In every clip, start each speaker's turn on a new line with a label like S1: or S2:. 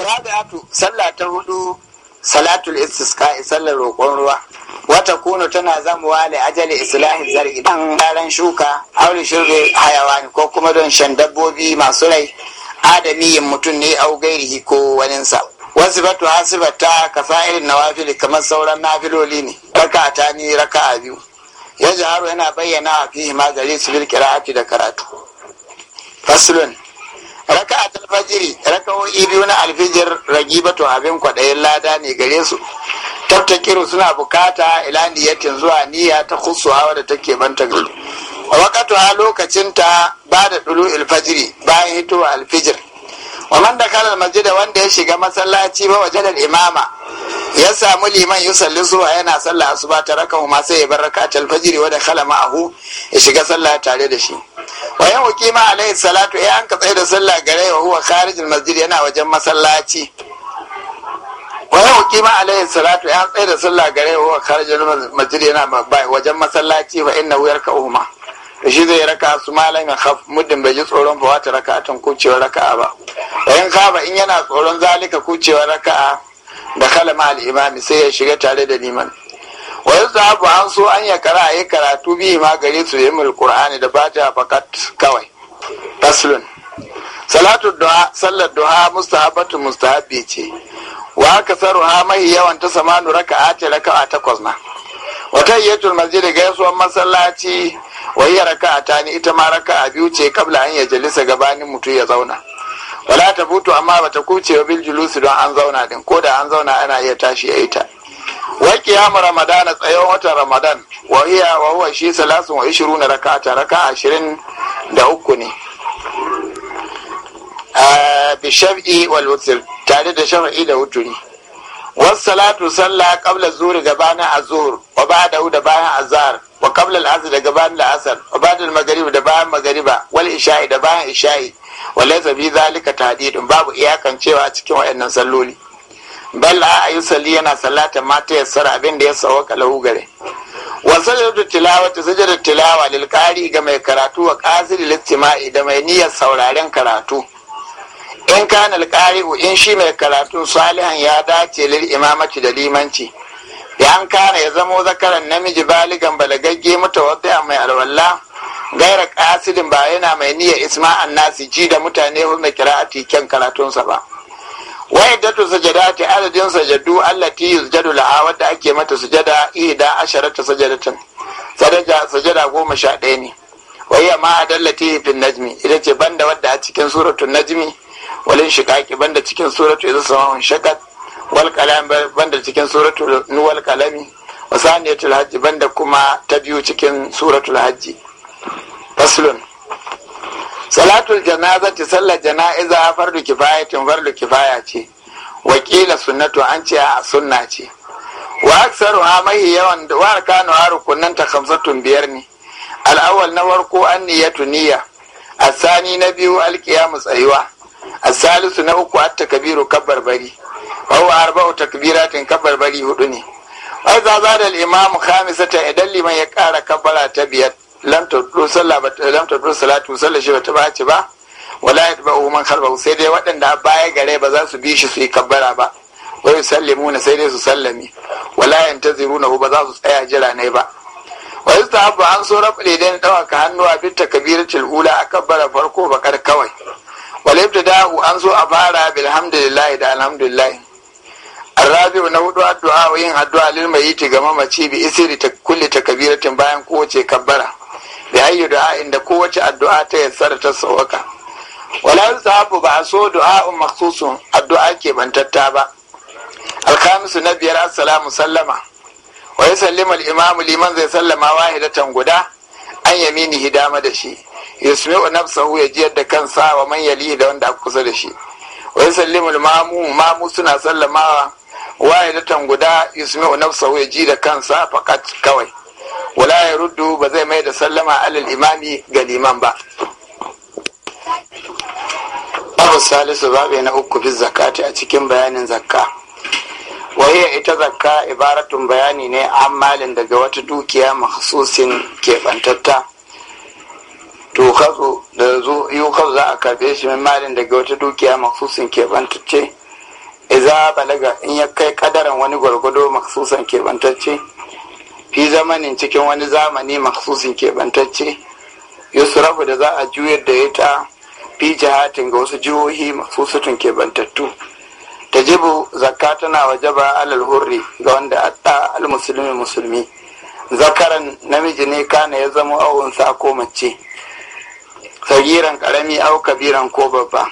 S1: Arabi'atu sallah ta hudu salatul istisqa sallar roƙon ruwa wata kuno tana zamuwa da ajali islahin zargi dan daren shuka aure shirre hayawan ko kuma don shan dabbobi masu rai adamiyin mutum ne au gairihi ko waninsa wasu batu hasibata ka sa'irin nawafili kamar sauran nafiloli ne raka ta ni raka a biyu ya Haro yana bayyana a fihi magari su bil qira'ati da karatu faslun Raka raka'a ta raka raka'o'i biyu na alfijir ragi batu abin kwaɗayin lada ne gare su tattakiru suna bukata ila niyyatin zuwa niyya ta kusuwa da take banta gari wakatu a lokacinta ba da ɗulu ilfajiri bayan hitowa alfijir wannan da kalar da wanda ya shiga masallaci ba wajen imama ya samu liman yi salli zuwa yana sallah su ba ta raka ma sai ya bar raka alfajiri wa da khala ma'ahu ya shiga sallah tare da shi wa yan hukima alayhi salatu ya eh, an katsaye da sallah gare wa huwa kharijin masjid yana wajen masallaci wa yan hukima alayhi salatu ya eh, an tsaye da sallah gare wa huwa kharijin masjid yana wajen masallaci fa innahu yarka'uhuma shi zai raka su malam ya haf muddin bai ji tsoron fa wata raka'atan kucewar raka'a ba wa yan kaba in yana tsoron zalika kucewar raka'a da kalama al'imami al sai ya shiga tare da liman wa yazhabu an so an ya kara a yi karatu biyu ma gare su yimul qur'ani da bata fakat kawai faslun salatu duha sallar duha mustahabatu mustahabi ce wa kasaruha mai yawan ta samanu raka'a ce raka'a takwas na wa tayyatul masjid gaisuwar masallaci wa hiya raka'a tani ita ma raka'a biyu ce kabla an ya jalisa gabanin mutum ya zauna wala ta butu amma bata kuce wa bil julusi don an zauna din ko da an zauna ana iya tashi ya ita wa qiyam ramadan tsayon watan ramadan wa hiya wa huwa shi 23 rak'ata da 23 ne ah, bi shaf'i wal wutr tare da shaf'i da wuturi Wasu salatu, sallah qabla zuhri gabanin azhur wa ba'da da bayan azhar wa qabla al-asr da gabanin al-asr wa ba'da al da bayan maghriba wal isha'i da bayan isha'i wa zalika tahdidun babu iyakan cewa cikin wayannan salloli bal a yusalli yana sallata mata ya yassara abin da ya sawaka lahu gare wa sallatu tilawati sajadatu tilawa lil qari ga mai karatu wa qasir Litima'i da mai niyyar sauraren karatu in kana alqari'u in shi mai karatu salihan ya dace lil imamati da limanci ya an kana ya zamo zakaran namiji baligan balagagge mutawaddi mai alwalla gaira kasidin ba yana mai niyyar isma'an nasi ji da mutane mai kira'ati kyan karatunsa ba wa sajada ta adadin sajadu allati yusjadu la wadda ake mata sujada ihda asharata sajadatan sadaja sajada goma sha ɗaya ne Waye ma adallati fi najmi ita ce banda wadda a cikin suratul najmi walin shiqaqi banda cikin suratu idza sama'un shaqqat wal qalam banda cikin suratu nuwal qalami wa saniyatul hajji banda kuma ta biyu cikin suratul hajji faslun salatul ci sallar jana'iza fardu Kifaya tun fardu kifaya ce wakila sunnatu an ce a sunna ce wa aksaru ha mahi yawan wa war kanu ha rukunan ta kamsatun biyar ne al'awal na farko an niyatu niyya asani na biyu alkiyamu tsayuwa asalisu na uku at takbiru kabbar bari wa huwa arba'u takbiratin kabbar bari hudu ne wai za za da imamu khamisatan idan liman ya kara kabbara ta biyar lam tadru sallah lam salatu sallah shi bata baci ba wala yatba'u man khalfahu sai dai waɗanda baya gare ba za su bi shi su yi kabbara ba wa yusallimuna sai dai su sallami wala yantaziruna ba za su tsaya jira ne ba wa abu an so rabu ɗawaka hannu dawaka hannuwa bi takbiratul ula akabbara farko bakar kawai da da'u an zo a fara bilhamdulillahi da alhamdulillahi arrabi na hudu addu'a yin addu'a lil mayiti ga mamaci bi isiri ta kulli takbiratin bayan kowace kabbara bi ayi du'a inda kowace addu'a ta yassara ta sauka wala yusabu ba so du'a'un makhsusun addu'a ke bantatta ba alkhamisu na biyar assalamu sallama wa yusallima al-imamu liman zai sallama wahidatan guda an yamini hidama da shi yasmi'u nafsahu ya jiyar da kansa wa man yali da wanda aka kusa da shi wa sallimul mamu mamu suna sallamawa wahidatan guda yasmi'u nafsahu ya ji da kansa faqat kawai wala ya ruddu ba zai mai da sallama alal imami ga liman ba abu salisu babu na uku fi zakati a cikin bayanin zakka waye ita zakka ibaratun bayani ne an malin daga wata dukiya mahsusin keɓantatta to katso da zo yi katso za a karbe shi min malin daga wata dukiya maksusin keɓantacce iza e balaga in ya kai kadaran wani gwargwado maksusan keɓantacce fi zamanin cikin wani zamani maksusin keɓantacce yusrafu da za a juyar da ita fi jihatin ga wasu jihohi maksusutun keɓantattu ta jibu zakka tana wajaba alal hurri ga wanda adda al musulmi musulmi zakaran namiji ne kana ya zama awon sa ko mace sagiran karami au kabiran ko babba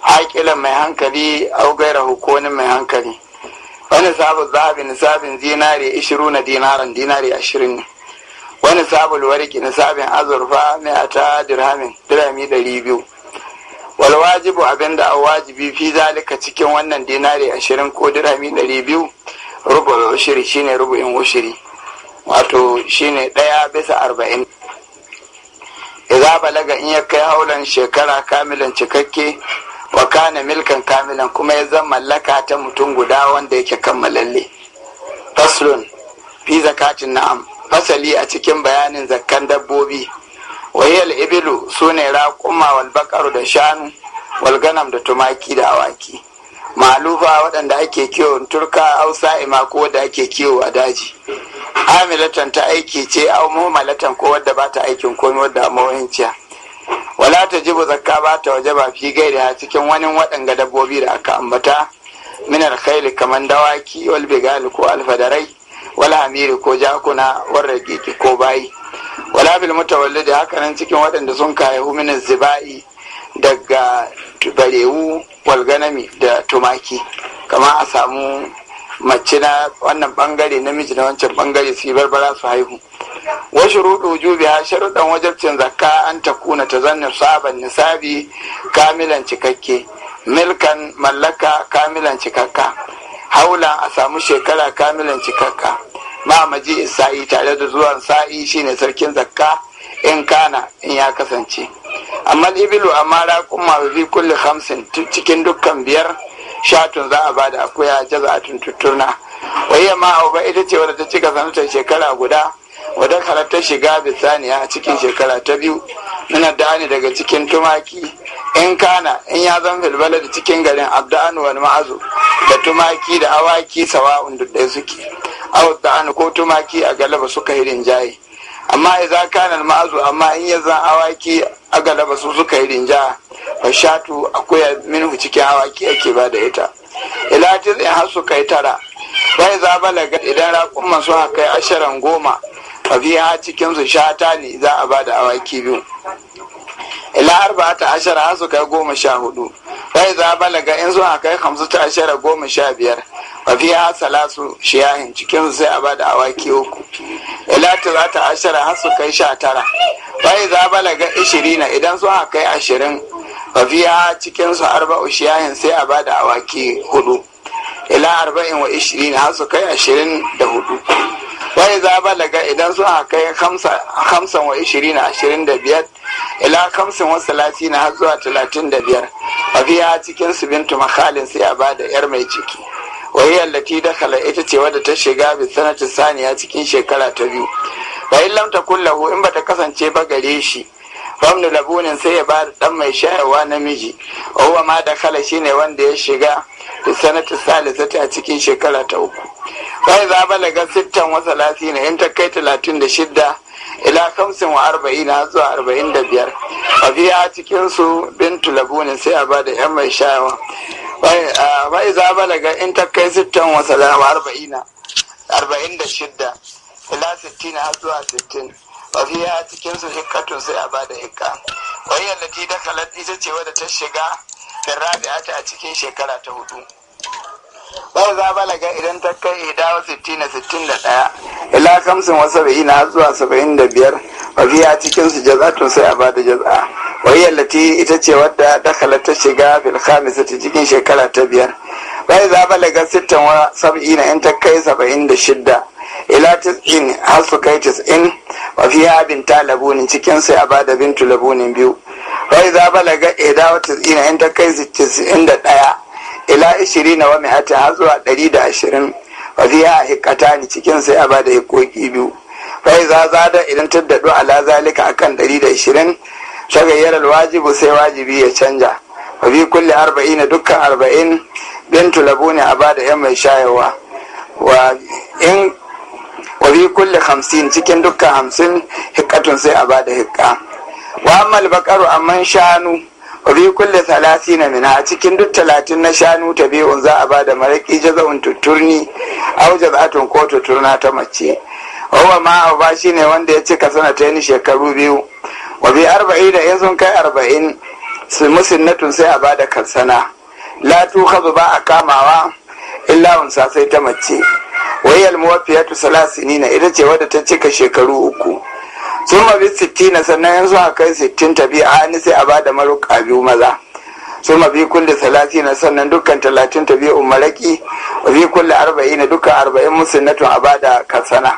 S1: haƙila mai hankali au gaira hukonin mai hankali wani sabu zabi nisabin zinari ishiru na dinaran dinari ashirin ne wani sabu warki nisabin azurfa mai a ta dirhamin dirhami ɗari biyu wal wajibu abinda a wajibi fi zalika cikin wannan dinari ashirin ko dirhami ɗari biyu rubu ushiri shine in ushiri wato shine ɗaya bisa arba'in idza balaga in ya kai haulan shekara kamilan cikakke wa kana milkan kamilan kuma ya zama mallaka ta mutum guda wanda yake kammalalle faslun fi zakatin na'am fasali a cikin bayanin zakkan dabbobi wayal ibilu sune raƙuma wal baqaru da shanu wal ganam da tumaki da awaki maluba waɗanda ake kiwo turka hausa ima ko wadda ake kiwo a daji amilatan ta aiki ce au muhammalatan ko wadda ba ta aikin komai wadda a mawahinciya wala ta jibu zakka ba ta waje ba fi gaida cikin wani waɗanga dabbobi da aka ambata minar khaili kamar dawaki wal bigal ko alfadarai Wala hamiri ko jakuna warra keke ko bayi wala bil mutawalli da haka nan cikin waɗanda sun kayi huminis zibai daga barewu walganami da tumaki kamar a samu mace na wannan bangare namiji na wancan bangare su yi barbara su haihu wasu rudu jubi ha sharuɗan wajabcin zakka an ta kuna ta zanna sabon nisabi kamilan cikakke milkan mallaka kamilan cikakka haula a samu shekara kamilan cikakka ma maji isa'i tare da zuwan sa'i shine sarkin zakka in kana in ya kasance amma ibilu amma kuma fi kulli hamsin cikin dukkan biyar shatun za a bada akuya jaza'atun tutturna wayya ma ba ita ce wadda ta ci sanutar shekara guda wadda karatar shiga bisaniya a cikin shekara ta biyu nuna dani daga cikin tumaki in kana in ya zan filbala da cikin garin abdu'anu wani ma'azu da tumaki da awaki sawa'un duk ɗaya suke awa da'an ko tumaki a galaba suka yi rinjaye. amma idan kana ma'azu amma in ya zan awaki a ba su suka yi rinja bashatu, akwai minu cikin awaki ake ba da ita ila ta har su kai tara bai za balaga idan raƙumman su kai ashirin goma a biya cikin su shata ne za a ba da awaki biyu ila ta ashara su kai goma sha hudu sai za balaga in zuwa kai hamsu ta ashara goma sha biyar wa fiya salasu shiyahin cikin sai a bada awaki uku ila ta ashara har su kai sha tara sai za balaga ishirina idan zuwa kai ashirin wa fiya cikin su arba'u shiyahin sai a bada awaki hudu ila arba'in wa ishirin har su kai ashirin da hudu Wani za balaga idan su kai hamsin wa ishirin ashirin da biyar ila hamsin wa talatin har zuwa talatin da biyar a biya cikin su bintu makalin sai a bada yar mai ciki wai da dakala ita ce wadda ta shiga bi sanatin saniya cikin shekara ta biyu Bayan lamta kullahu in bata kasance ba gare shi famni labunin sai ya bada dan mai shayarwa namiji wa ma da kala shine wanda ya shiga da sanata salisa a cikin shekara ta uku bai za balaga sittan wa lasina in ta kai talatin da shidda ila kamsin wa arba'ina zuwa arba'in da biyar a biya cikin su bintu labunin sai a bada yan mai shayarwa bai za balaga in ta kai sittan wa arba'ina arba'in da shidda ila sittina zuwa sittin fafiya cikin su hikkatun sai a bada hikka wayan lati da kalat ita ce wadda ta shiga firrabi'a ta a cikin shekara ta hudu bai za balaga idan ta kai idawa sittina sittin da ila kamsin wa 70 na zuwa 75 ƙafiya a fafiya cikin su jaz'atun sai a bada jaz'a wayan lati ita ce wadda ta kalat ta shiga fil khamisati cikin shekara ta biyar bai za balaga 60 wa 70 na in ta kai 76 ila in hasu kai tis'in wa fi abin ta labunin cikin sai a ba da bintu labunin biyu wai za balaga ida edawatis tis'ina in ta kai tis'in da ɗaya ila ishirin wani mihati har zuwa ɗari da ashirin wa fi a hikata ni cikin sai a ba da hikoki biyu wai za zada idan ta daɗu ala zalika akan ɗari da ashirin shagayyar alwajibu sai wajibi ya canja wa fi kulle na dukkan arba'in bintu labunin a da yan mai shayarwa wa in ɗari kulle hamsin cikin dukkan hamsin hikatun sai a bada hikka wa ammal baqaru amman shanu ɗari kulle talati na mina a cikin duk talatin na shanu ta biyu za a bada maraƙi jaza'un tutturni a aw jaza'atun ko tutturna ta mace wa ma a ba shi ne wanda ya cika sana ta yi shekaru biyu wa bi arba'in da in sun kai arba'in su musinnatun sai a bada kansana latu tukhadhu ba a kamawa illa unsa sai ta mace wayal muwafiyatu salasinina ita ce wadda ta cika shekaru uku sun mabi sittina sannan yanzu a kai sittin ta biyu a sai a ba da maruƙa biyu maza sun mabi kulle salasina sannan dukkan talatin ta biyu umaraki a bi kulle arba'ina dukkan arba'in musunnatun a ba da kasana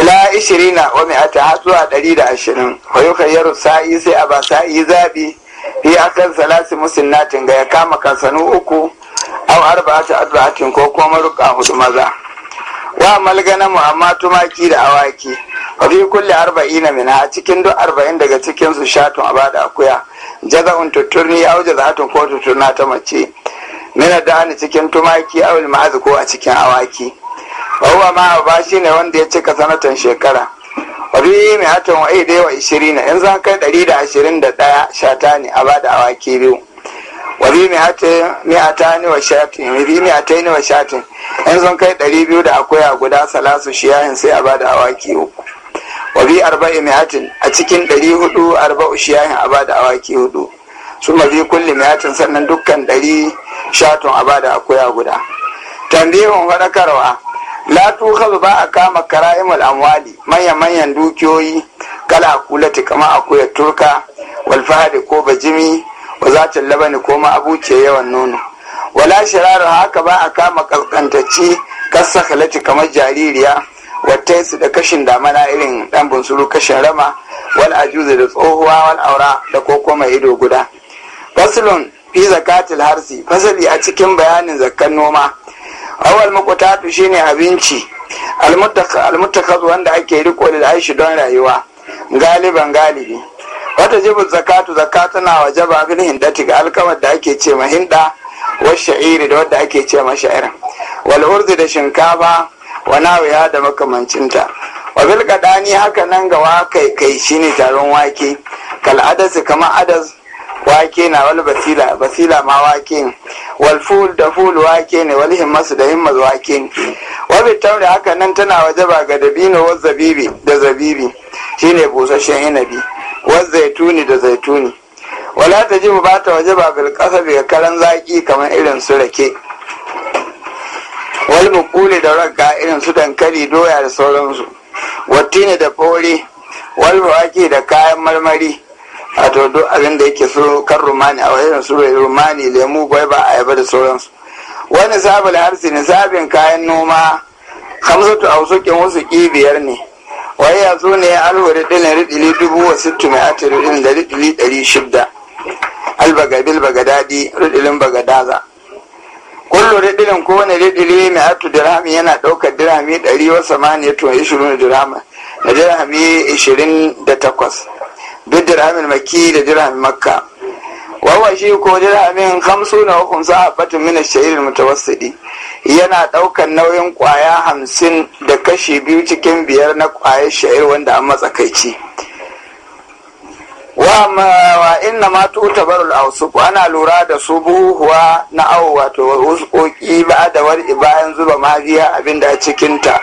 S1: ila ishirina wa ta har zuwa ɗari da ashirin wa yukayyaru sa'i sai a ba sa'i zaɓi fi akan salasi musunnatin ga ya kama kasanu uku aw arba'atu arba'atin ko kuma maruka hudu maza wa malgana mu amma tumaki da awaki wa fi kulli arba'ina min a cikin duk arba'in daga cikin su shatun a bada akuya un tutturni jaza hatun, ko tutturna ta mace mina da ni cikin tumaki au ma'azu ko a cikin awaki wa huwa ma ba shi ne wanda ya cika sanatan shekara wa bi mi'atan wa aidai wa 20 in za kai ɗari da ashirin da ɗaya ne a bada awaki biyu wa bi mi'atani wa shatin wa bi mi'atani wa shatin in sun kai ɗari biyu da akwai a guda salasu shiyahin sai a ba bada awaki uku wa bi arba'i mi'atin a cikin ɗari hudu arba'u shiyahin a ba bada awaki hudu su ma bi kulli mi'atin sannan dukkan ɗari shatun a bada akwai a guda tambihun faɗakarwa la tukhadhu ba a kama kara'imul amwali manyan manyan dukiyoyi kala kulati kama akuya turka wal ko bajimi za ta laba ni ko ma abuce yawan nono wala shiraru haka ba a kama kaskantacci kasa halatti kamar jaririya wata su da kashin damana irin dan bunsuru kashin rama wal ajuzu da tsohuwa wal aura da koko mai ido guda faslun fi zakatul harsi fasali a cikin bayanin zakkan noma awal makwatatu shine abinci almuttakazu wanda ake riko da aishi don rayuwa galiban galibi wata jibin zakatu zakatu tana wajaba bil hindati ga alkawar da ake ce ma hinda wa sha'iri da wadda ake ce ma sha'irin wal urzi da shinkafa wa nawiya da makamancinta wa bil qadani haka nan ga wakai kai shine taron wake kal adas kama adas wake na wal basila basila ma wake ne wal ful da ful wake ne wal himmas da himmas wake wa bi haka nan tana wajaba ga dabino wa zabibi da zabibi shine busasshen inabi waz zaituni da zaituni wala ta ji ba ta waje ba bil kasa ga karan zaki kamar irin su rake wal mukuli da ragga irin su dankali doya da sauransu wattini da fori wal waki da kayan marmari a to duk abin da yake su kan rumani a wajen su rumani lemu gwaiba ayaba da sauransu wani sabon harsi sabin kayan noma hamsatu a wasu biyar ne wai ya zo ne ya alwa riɗin riɗili dubu wa sittu mai ati da riɗili ɗari shidda albagabil bagadadi riɗilin bagadaza kullu riɗilin kowane riɗili mai atu dirhami yana ɗaukar dirhami ɗari wa samaniya to ishirin dirhama da dirhami ishirin da takwas duk dirhamin makki da dirhamin makka wawa shi ko dirhamin hamsu na hukunsa a fatin mina shahirin mutawassidi yana ɗaukar nauyin ƙwaya hamsin da kashi biyu cikin biyar na ƙwayar sha'ir wanda an matsakaici wa inna ma tabarul ausuf ana lura da subuhuwa na awo wato wuskoki ba da wari bayan zuba mafiya abinda a ta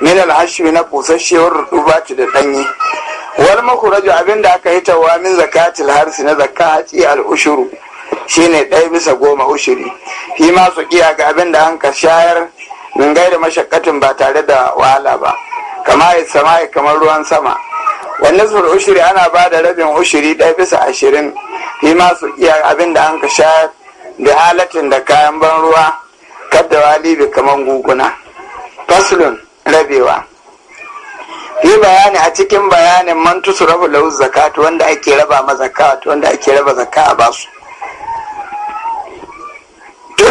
S1: min alhashmi na busasshewar ta da danyi wal makhraju abinda aka yi tawamin min zakatil harsi na zakati al ushuru shine ɗaya bisa goma ushiri shi ma su kiya ga abin da an ka shayar min gaida mashakkatin ba tare da wahala ba kama ya sama ya kamar ruwan sama wannan sur ushiri ana ba da rabin ushiri ɗaya bisa ashirin shi ma su kiya abin da an ka shayar da halatin da kayan ban ruwa kadda walibi kamar guguna faslun rabewa yi bayani a cikin bayanin man rabu lahu zakatu wanda ake raba ma zakatu wanda ake raba zakatu a basu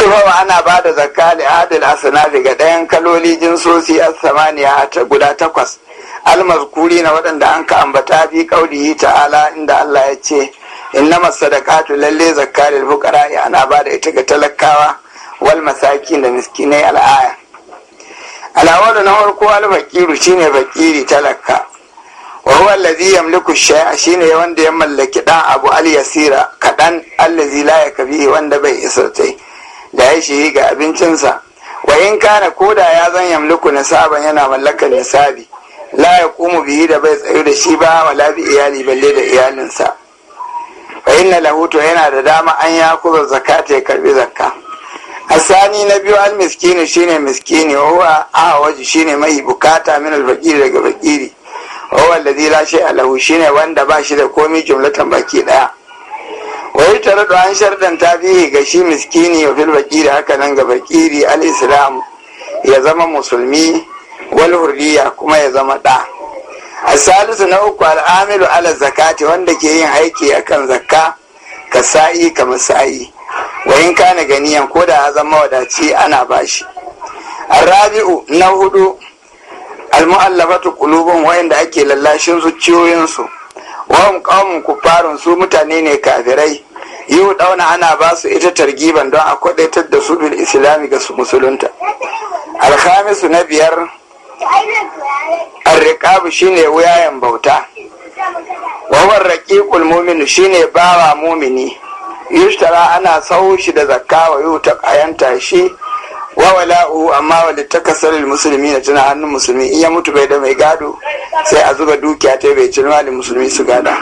S1: turfawa ana ba da zakka li adil asanafi ga ɗayan kaloli jinsosi a samaniya guda takwas almazkuri na waɗanda an ka ambata fi ƙaurihi ta'ala inda Allah ya ce innama sadaqatu lalle zakka lil fuqara ana ba da ita ga talakawa wal masakin da miskinai al'aya al'awalu na farko al shine fakiri talaka wa huwa allazi yamliku shay'a shine wanda ya mallaki dan abu al yasira kadan allazi la yakbi wanda bai isartai da ya shi ga abincinsa wa in kana koda ya zan na nisaban yana mallakar nisabi la ya kumu bihi da bai tsayu da shi ba wa labi iyali balle da iyalinsa wa inna lahu to yana da dama an ya zaka ta ya karbi zakka asani na biyu al miskini shine miskini wa huwa waje shine mai bukata min al fakiri daga fakiri wa huwa alladhi la shay'a lahu shine wanda ba shi da komai jumlatan baki ɗaya. wai tare da an ta bihi ga shi miskini wa fil bakiri haka nan ga bakiri al-islam ya zama musulmi wal hurriya kuma ya zama ɗa A Salisu na uku al'amilu ala zakati wanda ke yin aiki akan zakka ka sa'i kamar sa'i wa in kana ganiyan ko da zama wadaci ana bashi arabi'u na hudu al-mu'allafatu qulubun ake lallashin zuciyoyinsu wahum qaumun kufarin su mutane ne kafirai yau dauna ana ba su ita targiban don a kwadaitar da su bil islami ga su musulunta alhamisu na biyar arrikabu shine wuyayen bauta wawan raƙiƙul mu'minu shine bawa mumini yushtara ana sau shi da zakka wa ta ƙayanta shi wa wala'u amma wanda ta kasar musulmi na tuna hannun musulmi iya ya mutu bai da mai gado sai a zuba dukiya ta bai cinuwa da musulmi su gada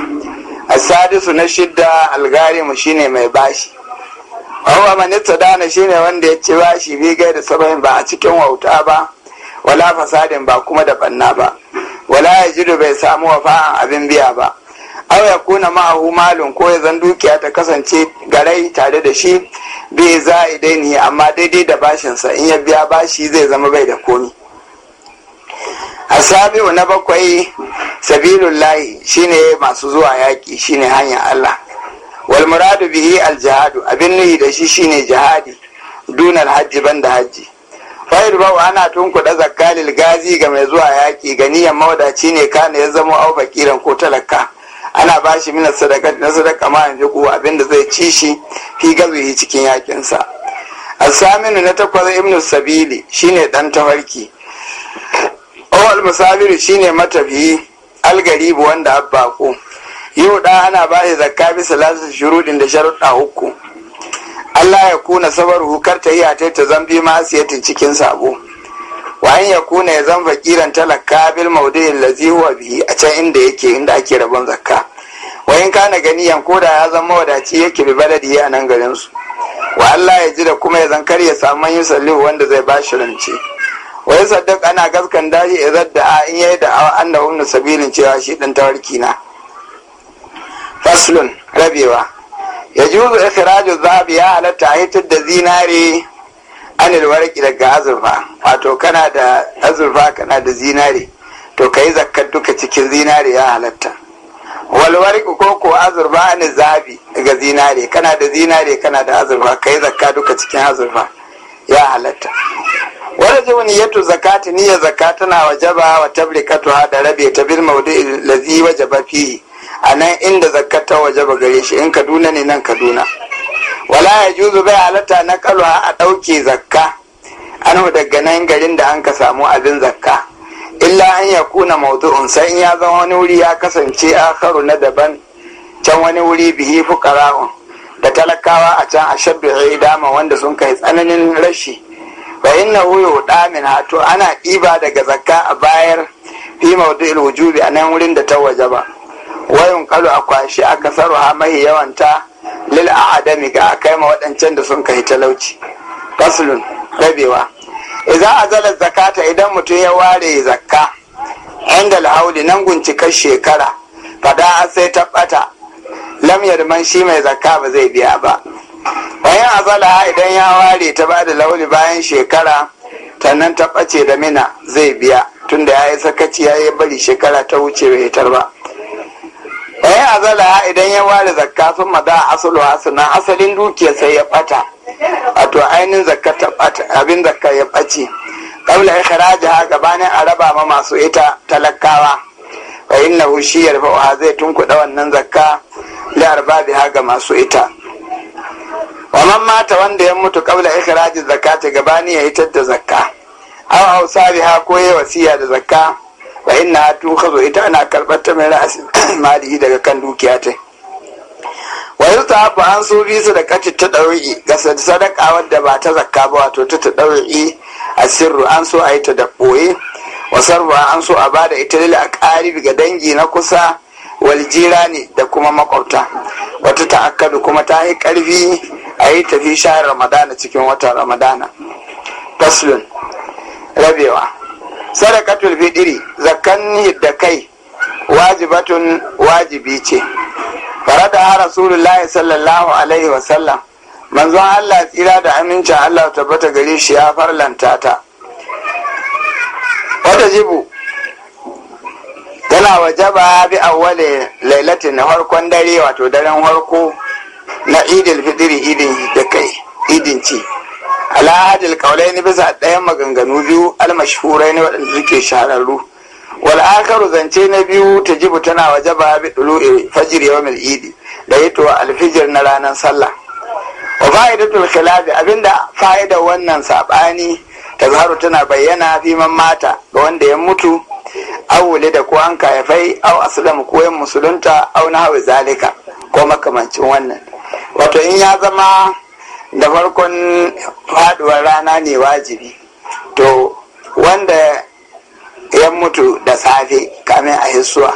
S1: a sadisu na shidda algari mu shine mai bashi wa manista dana shine wanda ya ci bashi gai da saba'in ba a cikin wauta ba wala fasadin ba kuma da banna ba wala ya jidu bai samu wafa abin biya ba aw ya kuna ma'ahu malun ko ya zan dukiya ta kasance garai tare da shi bai za a ne amma daidai da bashinsa in ya biya bashi zai zama bai da komi asabi'u na bakwai Sabilun sabilullahi shine masu zuwa yaƙi shine hanyar Allah Walmuradu muradu aljihadu, abin nuhi da shi shine jihadi dunar hajji banda hajji fahir bau ana tunkuɗa zakkalil gazi ga mai zuwa yaƙi ga niyan mawadaci ne kana ya zama au bakiran ko talaka ana ba shi minas sadaka na sadaka ma yanzu ko abinda zai ci shi fi gazuhi cikin yakinsa asaminu na takwas ibn sabili shine dan tafarki al musabiru shine matafiyi algaribu wanda abbako yau da ana ba shi zakka bisa lasu shurudin da sharuɗa uku Allah ya kuna sabar hukar ta yi a ta zambi masiyatin cikin sabo wa ya kuna ya zama fakiran talaka bil maudu'in Lazihu huwa bihi a can inda yake inda ake rabon zakka wa in kana gani yan koda ya zama wadaci yake bi baladi a nan garin su wa Allah ya ji da kuma ya zan kar ya samu yin salihu wanda zai ba shi rance wa ana gaskan daji idan da in yi da annahu min sabilin cewa shi dan tawarki na faslun rabewa yajuzu ikhraju dhahabi ya halatta hitar da zinare anil warki daga azurfa wato kana da azurfa kana da zinare to ka yi zakkar duka cikin zinare ya halatta walwari ko ko azurfa ne zabi ga zinare kana da zinare kana da azurfa ka yi zakka duka cikin azurfa ya halatta wani ji niyyatu zakati niyya zakata tana wajaba wa tabrikatu da rabe ta bil maudu'i lazi wajaba fi a nan inda zakata ta wajaba gare shi in kaduna ne nan kaduna wala ya juzu bai halatta na kalwa a ɗauke zakka an daga nan garin da an ka samu abin zakka illa an ya kuna mautu'un sai ya zama wani wuri ya kasance karu na daban can wani wuri bihi fukara'un da talakawa a can a shabbi'i dama wanda sun kai tsananin rashi fa inna huyu damin hato ana ɗiba daga zakka a bayar fi maudu'il wujubi a nan wurin da ta waje ba wayun kalu a kwashi a kasar ha mahi yawanta lil a'adami ga kai ma waɗancan da sun kai talauci faslun rabewa idan azalar zakata idan mutum ya ware zakka inda hauli nan guncikar shekara fada sai tabbata lam man shi mai zakka ba zai biya ba bayan azala idan ya ware ta ba da lauli bayan shekara ta nan tabbace da mina zai biya tunda ya yi sakaci ya yi bari shekara ta wuce bai hitar ba eh azala idan ya ware zakka sun mada asalu hasana asalin dukiya sai ya bata wato ainihin zakka ta bata abin zakka ya bace qabla ikhrajaha gabanin a raba ma masu ita talakawa fa hu shi wa zai tunkuda wannan zakka li arbabiha ga masu ita wa man mata wanda ya mutu qabla ikhrajiz zakati gabani ya hitar da zakka aw ausabiha ko ya wasiya da zakka wa inna zo ita ana karbar ta min ra'asi mali daga kan dukiya ta wa yustahabu an so bi su da kacin ta ɗauki ga sadaka wadda ba ta zakka ba wato ta ta dauri a sirru an so a yi ta da wa sarwa an so a ba da ita a ƙari ga dangi na kusa wal ne da kuma makwabta wata ta'akkadu kuma ta yi karfi a yi tafi shayar ramadana cikin watan ramadana faslun rabewa sadakatul fitri zakkan da kai wajibatun wajibi ce farada rasulullahi sallallahu alaihi wasallam manzon Allah tsira da amincin Allah tabbata gari shi ya farlanta ta wata jibu tana wajaba bi awwali lailatin na harkon dare wato daren harko na idil fitiri idin da kai idin ci ala hadil kaulai ni bisa ɗayan maganganu biyu almashhurai ne waɗanda suke shahararru wal akaru zance na biyu ta jibu tana waje ba bi dulu fajr yawmil idi da yato alfijir na ranar sallah wa fa'idatul khilafi abinda fa'ida wannan sabani tazharu tana bayyana fi man mata ga wanda ya mutu aw da ko an kayafai aw aslam ko yan musulunta aw nahwi zalika ko makamancin wannan wato in ya zama da farkon faduwar rana ne wajibi to wanda ya mutu da safe kamin a hisuwa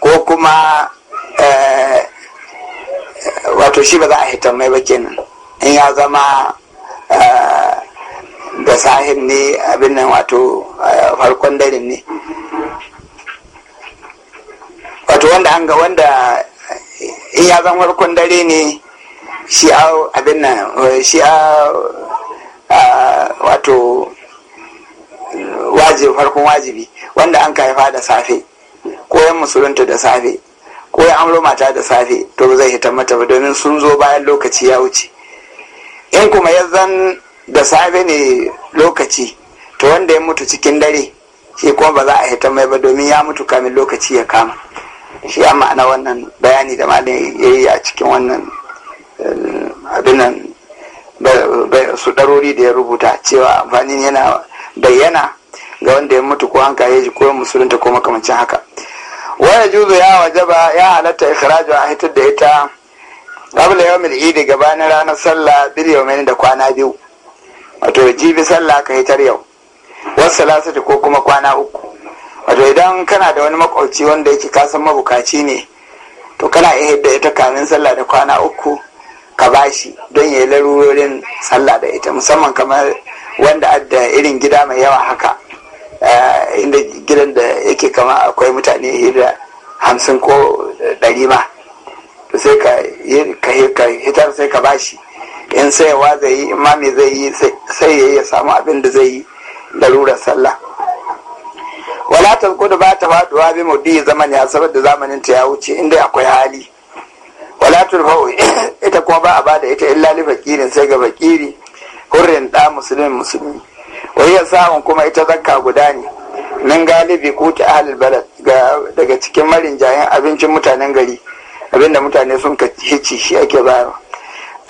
S1: ko kuma eh, wato shi ba za a hitar mai ba kenan in ya zama eh, da sahin ne abin nan wato eh, farkon dare ne wato wanda an ga wanda in ya zama farkon dare ne shi a abin nan shi a wato wajibi farkon wajibi wanda an haifa da safe ko yan musulunta da safe ko ya amro mata da safe to zai hita mata ba domin sun zo bayan lokaci ya wuce in kuma ya zan da safe ne lokaci to wanda ya mutu cikin dare shi kuma ba za a hita mai ba domin ya mutu kamin lokaci ya kama shi ya ma'ana wannan bayani da malin ya yi a cikin wannan abinan su ɗarori da ya rubuta cewa amfanin yana bayyana ga wanda ya mutu ko an kaye shi ko musulunta ko makamancin haka waya juzo ya wajaba ya halatta ikhraju a hitar da ita qabla yawmil idi gabanin ranar sallah bil yawmin da kwana biyu wato jibi sallah ka hitar yau wasu salasati ko kuma kwana uku wato idan kana da wani makwabci wanda yake kasan mabukaci ne to kana iya hidda ita kamin sallah da kwana uku ka bashi don ya yi larurorin sallah da ita musamman kamar wanda adda irin gida mai yawa haka eh, inda gidan da yake kama akwai mutane da hamsin ko ɗari ma to sai ka hitar sai ka bashi in sayawa zai yi imami zai yi sai ya samu abin da zai yi larurar sallah wala ta da ba ta faduwa bi mudi zaman ya saboda zamanin ta ya wuce inda akwai hali turfa'u ita kuma ba a ba da ita illa li fakirin sai ga fakiri hurrin da musulmi musulmi wai samun kuma ita zakka guda ne nan galibi kuti ahlul balad daga cikin marinjayen abincin mutanen gari abinda mutane sun ka hici shi ake bayarwa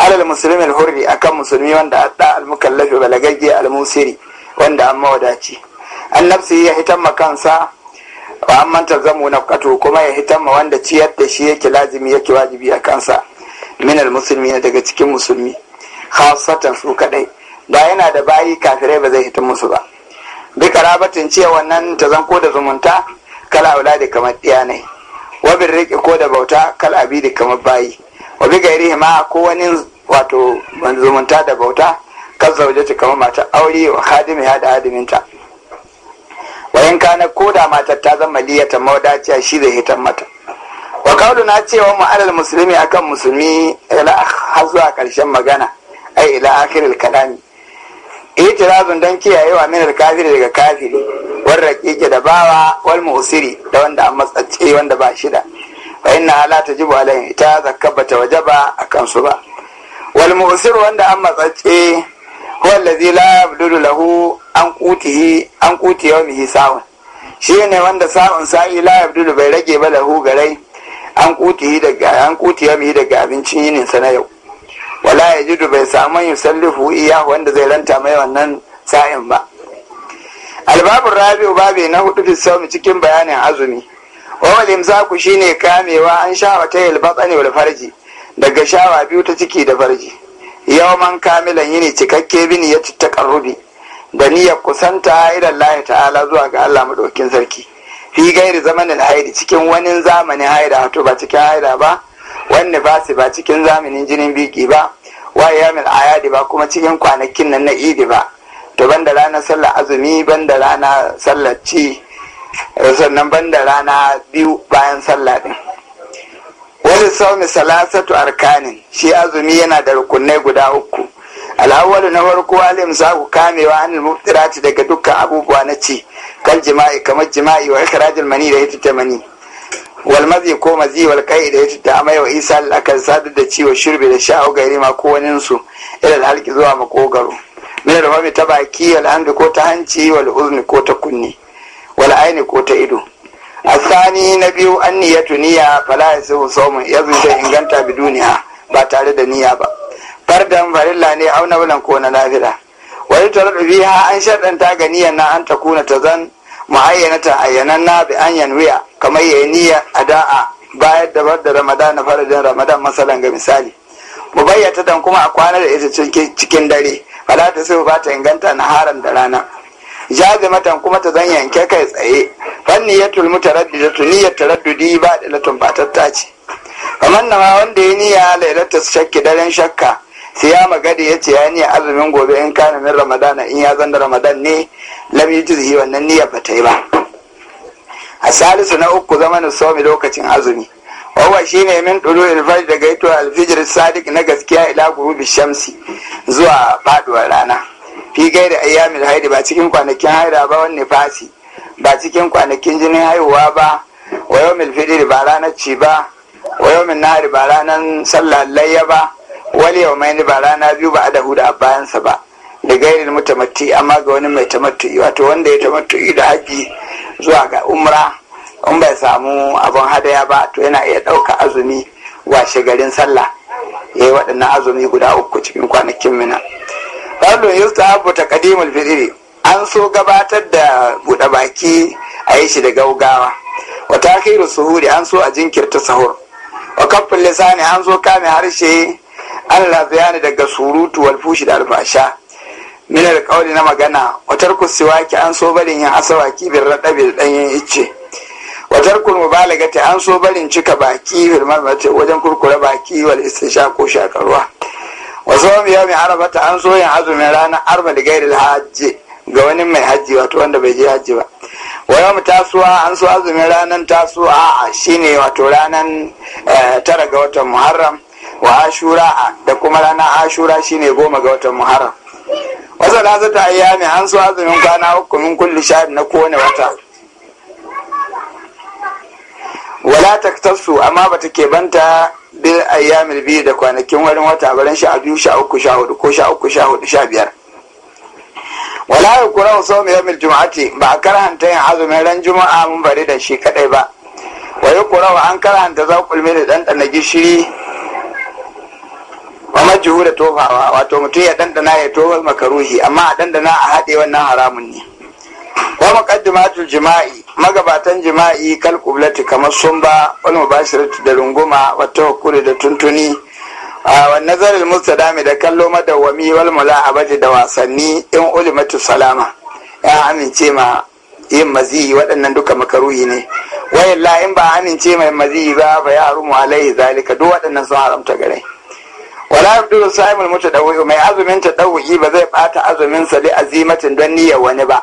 S1: alal musulmin hurri akan musulmi wanda adda almukallafi balagagge almusiri wanda an mawadaci annabsi ya hitan makansa wa zamu na kato kuma ya hitamma wanda ciyar da shi yake lazimi yake wajibi a kansa minal musulmi daga cikin musulmi khasatan su kadai da yana da bayi kafirai ba zai hita musu ba bi karabatin ciya wannan ta zanko da zumunta kala auladi kamar diya ne wa bin riƙe ko da bauta kala abidi kamar bayi wa bi gairi ma ko wani wato zumunta da bauta kan zaujata kamar mata aure wa hadimi ya da hadiminta wayan kana ko da matar ta zama liyata mawadaciya shi zai hitan mata wa kaulu na cewa mu musulmi akan musulmi ila har zuwa karshen magana ai ila akhiril kalami itirazun dan kiyayewa min kafiri daga kafiri war raqiqi da bawa wal mu'siri da wanda an matsatse wanda ba shida fa inna la tajibu alaihi ta zakka bata wajaba akan su ba wal mu'sir wanda an matsatse huwa allazi la yabdudu lahu an qutihi an quti yawmihi shi ne wanda sa'un sa'i la yabdudu bai rage ba lahu garai an qutihi daga an quti daga abincin yinin sa na yau wala yajidu bai samu yusallifu iyahu wanda zai ranta mai wannan sa'in ba albabun rabi'u babi na hudu fi saumi cikin bayanin azumi wawal imsaku shine kamewa an sha ta yalbatsa ne wal farji daga shawa biyu ta ciki da farji yawman kamilan yini cikakke bini ya ta karrubi da niyyar kusanta ila Allah ta'ala zuwa ga Allah madaukin sarki fi gairi zamanin haidi cikin wani zamanin haida to ba cikin haida ba wani su ba cikin zamanin jinin biki ba wa yamin ayadi ba kuma cikin kwanakin nan na idi ba to banda rana sallar azumi banda rana sallar ci eh, sannan banda rana biyu bayan sallah din wani sau saumi salasatu arkanin shi azumi yana da rukunai guda uku al'awwalu na farko alim za ku kamewa hannun muftirati daga dukkan abubuwa na ci kan jima'i kamar jima'i wa ikhrajul mani da hitita mani wal ko mazi wal kai da hitita amai wa isa akan sadar da ciwo shirbi da sha'o gairi ma ko wani su ilal halki zuwa makogaro min al ta baki wal ko ta hanci wal uzni ko ta kunni wal aini ko ta ido asani na biyu an niyatu niyya fala yasihu sawmun ya da inganta bi duniya ba tare da niyya ba fardan farilla ne auna walan ko na Wani wa biyu ha an shaddanta ga niyyan na an ta kuna ta zan muayyanata na bi an yanwiya kamar yayi niyya a da'a bayar da bar da Ramadan na faradin ramadan masalan ga misali Mu bayyata dan kuma a kwana da ita cikin dare fala ta sai ba ta inganta na haram da rana jazimatan kuma ta zan yanke kai tsaye tulmu tuni, ya niyyat taraddudi ba dalatun ba tace. kamar nama wanda ya niyya lailata shakki daren shakka sai ya magadi ya ce ya niyya azumin gobe in kana min ramadana in ya da ramadan ne lam yujzi wannan niyyar ba ta yi ba a salisu na uku zamanin somi lokacin azumi wawa shi ne min ɗuru ilfajir daga ito alfijir sadiq na gaskiya ila gurubi shamsi zuwa faduwar rana fi da da haidi ba cikin kwanakin haida ba wani nifasi ba cikin kwanakin jinin haihuwa ba wa mil fidir ba ranar ci ba wa yawmin nahari ba ranar sallah layya ba wal ni ba rana biyu ba da huda bayansa ba da gairin mutamatti amma ga wani mai tamattu'i wato wanda ya tamattu'i da haji zuwa ga umra in bai samu abin hadaya ba to yana iya ɗauka azumi washe garin sallah ya yi waɗannan azumi guda uku cikin kwanakin mina abu ta kadimul fitri an so gabatar da buɗe baki a yi shi da gaugawa wa kairu suhuri an so a jinkirta sahur wa kafin lisani an so kame harshe an labiyani daga surutu wal fushi da alfasha min alƙawli na magana wa tarku siwaki an so barin yin asawa kibin raɗabi da ɗanyen icce wa tarku mubalagati an so barin cika baki wajen kurkura baki wal istisha ko shakarwa wasu wani yau mai arabata an soyin yin azumin ranar arba da hajji ga wani mai hajji wato wanda bai je hajji ba wa yau tasuwa an so azumin ranar tasuwa a shine wato ranar eh, tara ga watan muharram wa ashura da kuma ranar ashura shine goma ga watan muharram wasu da zata mai an so azumin kwana uku min kulli shahar na kowane wata wala taktasu amma bata ke banta bil ayyamil biyu da kwanakin warin wata baran sha biyu sha uku sha hudu ko sha uku sha hudu sha biyar wala yukrahu sawm Juma'a ce, ba a karanta yin azumin ran juma'a mun bari da shi kadai ba wa karanta an ku zaqul da dandana gishiri wa majhu da tofawa wato mutum ya dandana ya tofa makaruhi amma a dandana a haɗe wannan haramun ne wa muqaddimatul jima'i magabatan jima'i kal kublati kamar sun ba wani mubashiratu da runguma wata hukuri da tuntuni A wani nazarin mustadami da kallo madawwami wal baje da wasanni in ulimatu salama ya amince ma yin maziyi waɗannan duka makaruhi ne wayan la in ba amince mai maziyi ba ba ya rumu alaihi zalika duk waɗannan sun haramta gare wala abdul sa'imul mutadawwi mai azumin tadawwi ba zai bata azumin sa li azimatin don niyyar wani ba